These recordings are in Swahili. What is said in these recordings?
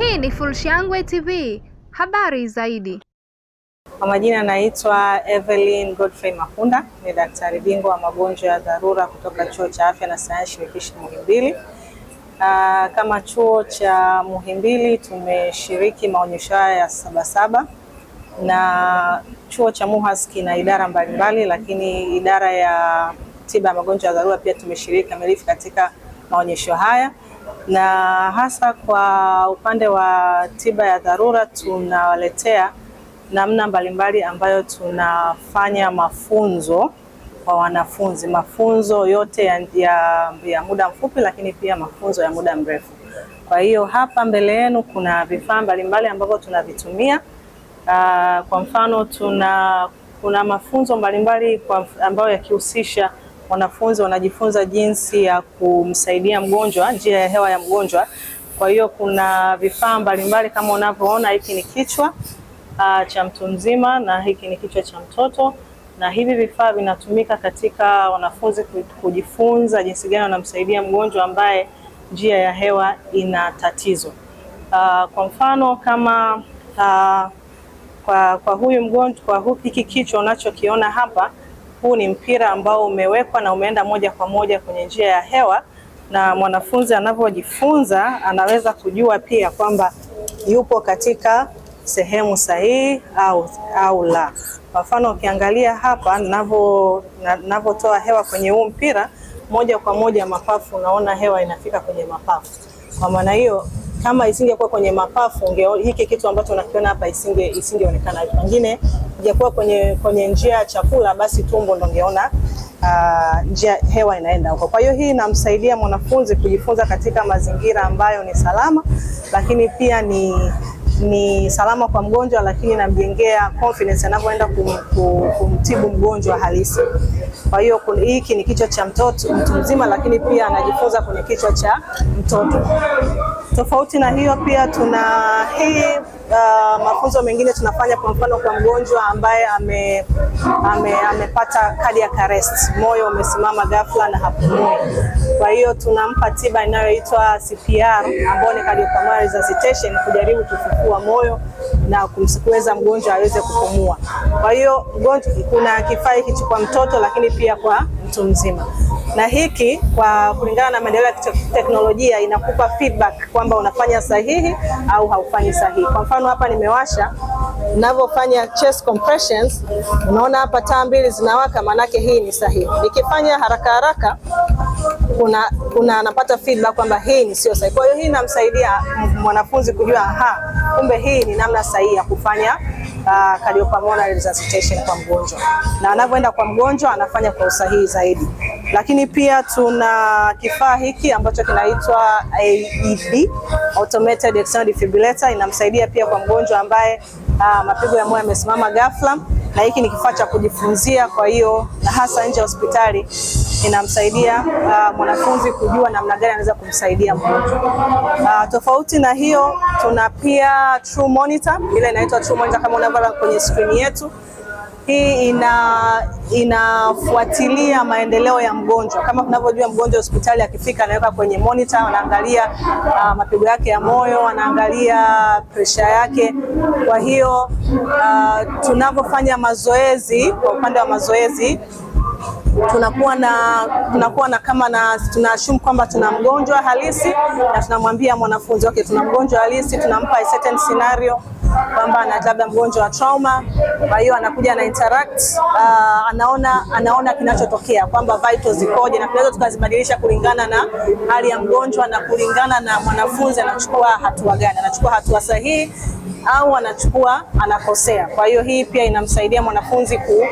Hii ni Fullshangwe TV, habari zaidi. Kwa majina naitwa Evelyn Godfrey Makunda, ni daktari bingwa wa magonjwa ya dharura kutoka Chuo cha Afya na Sayansi Shirikishi Muhimbili. kama chuo cha Muhimbili tumeshiriki maonyesho haya ya Sabasaba na chuo cha MUHAS kina idara mbalimbali, lakini idara ya tiba ya magonjwa ya dharura pia tumeshiriki kamilifu katika maonyesho haya na hasa kwa upande wa tiba ya dharura tunawaletea namna mbalimbali ambayo tunafanya mafunzo kwa wanafunzi, mafunzo yote ya, ya, ya muda mfupi, lakini pia mafunzo ya muda mrefu. Kwa hiyo hapa mbele yenu kuna vifaa mbalimbali ambavyo tunavitumia. Uh, kwa mfano tuna kuna mafunzo mbalimbali ambayo yakihusisha wanafunzi wanajifunza jinsi ya kumsaidia mgonjwa, njia ya hewa ya mgonjwa. Kwa hiyo kuna vifaa mbalimbali kama unavyoona, hiki ni kichwa uh, cha mtu mzima na hiki ni kichwa cha mtoto, na hivi vifaa vinatumika katika wanafunzi kujifunza jinsi gani wanamsaidia mgonjwa ambaye njia ya hewa ina tatizo. Uh, kwa mfano kama uh, kwa, kwa huyu mgonjwa, kwa hiki kichwa unachokiona hapa huu ni mpira ambao umewekwa na umeenda moja kwa moja kwenye njia ya hewa, na mwanafunzi anavyojifunza anaweza kujua pia kwamba yupo katika sehemu sahihi au, au la. Kwa mfano ukiangalia hapa ninavyotoa hewa kwenye huu mpira moja kwa moja mapafu, unaona hewa inafika kwenye mapafu. Kwa maana hiyo, kama isingekuwa kwenye mapafu, hiki kitu ambacho unakiona hapa isingeonekana. Pengine sijakuwa kwenye, kwenye njia ya chakula, basi tumbo ndo ngeona uh, njia hewa inaenda huko. Kwa hiyo hii inamsaidia mwanafunzi kujifunza katika mazingira ambayo ni salama, lakini pia ni ni salama kwa mgonjwa, lakini namjengea confidence anapoenda kum, kum, kumtibu mgonjwa halisi. Kwa hiyo hiki ni kichwa cha mtoto mtu mzima, lakini pia anajifunza kwenye kichwa cha mtoto. Tofauti na hiyo, pia tuna hii uh, mafunzo mengine tunafanya, kwa mfano kwa mgonjwa ambaye ame, ame, amepata cardiac arrest, moyo umesimama ghafla na hapumui, kwa hiyo tunampa tiba inayoitwa CPR ambayo ni cardiopulmonary resuscitation, kujaribu kufufua moyo na kumsikuweza mgonjwa aweze kupumua. Kwa hiyo mgonjwa, kuna kifaa hiki kwa mtoto, lakini pia kwa mtu mzima na hiki kwa kulingana na maendeleo ya teknolojia inakupa feedback kwamba unafanya sahihi au haufanyi sahihi. Kwa mfano hapa nimewasha, ninavyofanya chest compressions, unaona hapa taa mbili zinawaka, maanake hii ni sahihi. Nikifanya haraka haraka kuna kuna anapata feedback kwamba hii ni sio sahihi. Kwa hiyo hii inamsaidia mwanafunzi kujua, aha, kumbe hii ni namna sahihi ya kufanya uh, cardiopulmonary resuscitation kwa mgonjwa, na anavyoenda kwa mgonjwa anafanya kwa usahihi zaidi lakini pia tuna kifaa hiki ambacho kinaitwa AED, automated external defibrillator. Inamsaidia pia kwa mgonjwa ambaye uh, mapigo ya moyo yamesimama ghafla, na hiki ni kifaa cha kujifunzia, kwa hiyo na hasa nje ya hospitali inamsaidia uh, mwanafunzi kujua namna gani anaweza kumsaidia mgonjwa. Uh, tofauti na hiyo tuna pia true monitor, ile inaitwa true monitor kama unavyoona kwenye screen yetu hii ina inafuatilia maendeleo ya mgonjwa. Kama tunavyojua, mgonjwa hospitali akifika, anaweka kwenye monitor, anaangalia uh, mapigo yake ya moyo, anaangalia presha yake. Kwa hiyo uh, tunavyofanya mazoezi, kwa upande wa mazoezi tunakuwa na tunakuwa na kama na tunaashumu kwamba tuna mgonjwa halisi na tunamwambia mwanafunzi wake okay, tuna mgonjwa halisi, tunampa a certain scenario kwamba labda mgonjwa wa trauma. Kwa hiyo anakuja ana interact uh, anaona anaona kinachotokea kwamba vitals zikoje, na tunaweza tukazibadilisha kulingana na hali ya mgonjwa na kulingana na mwanafunzi anachukua hatua gani, anachukua hatua sahihi au anachukua anakosea. Kwa hiyo hii pia inamsaidia mwanafunzi ku,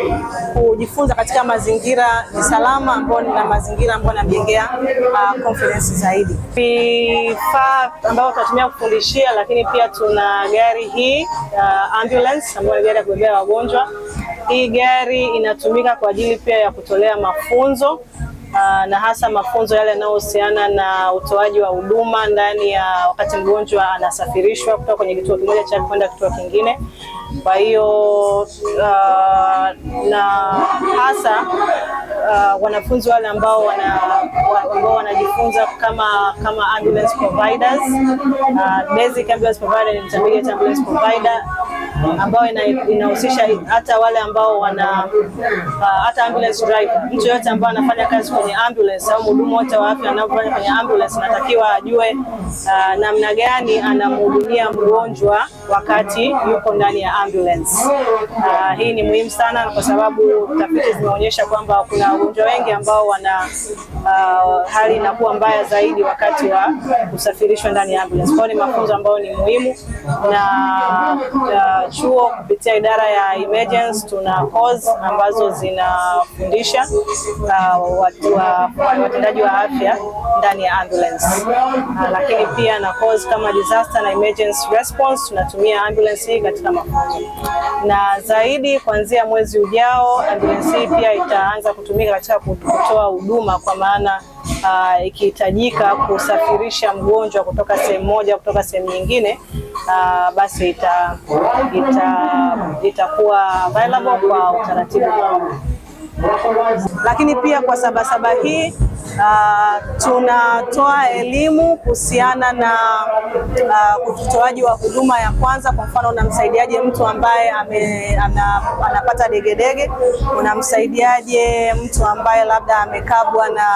kujifunza katika mazingira mazingira ni salama, ambao na mazingira ambao namjengea uh, ah, confidence zaidi. Vifaa ambavyo tunatumia kufundishia, lakini pia tuna gari hii uh, ambulance ambayo ni gari ya kubebea wagonjwa. Hii gari inatumika kwa ajili pia ya kutolea mafunzo Uh, na hasa mafunzo yale yanayohusiana na utoaji wa huduma ndani ya wakati mgonjwa anasafirishwa kutoka kwenye kituo kimoja cha kwenda kituo kingine. Kwa hiyo uh, na hasa uh, wanafunzi wale ambao wana, ambao wanajifunza kama kama ambulance providers. Uh, basic ambulance provider ni ambulance provider ambayo inahusisha hata wale ambao wana uh, hata ambulance driver, mtu yoyote ambaye anafanya kazi kwenye ambulance au mhudumu wote wa afya anapofanya kwenye ambulance natakiwa ajue uh, namna gani anamhudumia mgonjwa wakati yuko ndani ya ambulance. Uh, hii ni muhimu sana kwa sababu tafiti zimeonyesha kwamba kuna wagonjwa wengi ambao wana uh, hali inakuwa mbaya zaidi wakati wa kusafirishwa ndani ya ambulance. Kwa hiyo ni mafunzo ambayo ni muhimu na uh, chuo kupitia idara ya emergency tuna course ambazo zinafundisha uh, watu wa watendaji wa afya ndani ya ambulance uh, lakini pia na course kama disaster na emergency response tunatumia ambulance hii katika mafunzo, na zaidi kuanzia mwezi ujao ambulance hii pia itaanza kutumika katika kutoa huduma kwa maana uh, ikihitajika kusafirisha mgonjwa kutoka sehemu moja kutoka sehemu nyingine uh, basi ita, ita, itakuwa available kwa utaratibu. Lakini pia kwa Sabasaba hii Uh, tunatoa elimu kuhusiana na uh, utoaji wa huduma ya kwanza. Kwa mfano, unamsaidiaje mtu ambaye ame, ana, anapata degedege? Unamsaidiaje mtu ambaye labda amekabwa na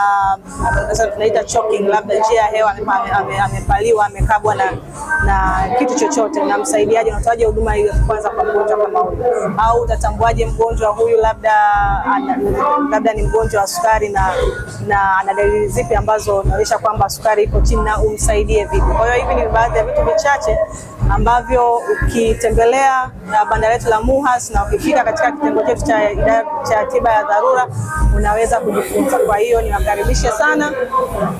sasa tunaita choking, labda njia ya hewa amepaliwa, ame, ame amekabwa na, na kitu chochote, unamsaidiaje? Unatoaje huduma hiyo kwanza kwa mgonjwa kama huyu? Au utatambuaje mgonjwa huyu labda, labda ni mgonjwa wa sukari na, na ana dalili zipi ambazo unaonyesha kwamba sukari iko chini na umsaidie vipi. Kwa hiyo hivi ni baadhi ya vitu vichache ambavyo ukitembelea na banda letu la MUHAS na ukifika katika kitengo chetu cha idara cha tiba ya dharura unaweza kujifunza. Kwa hiyo niwakaribishe sana,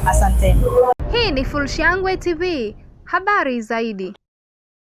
asanteni. Hii ni Fulshangwe TV, habari zaidi.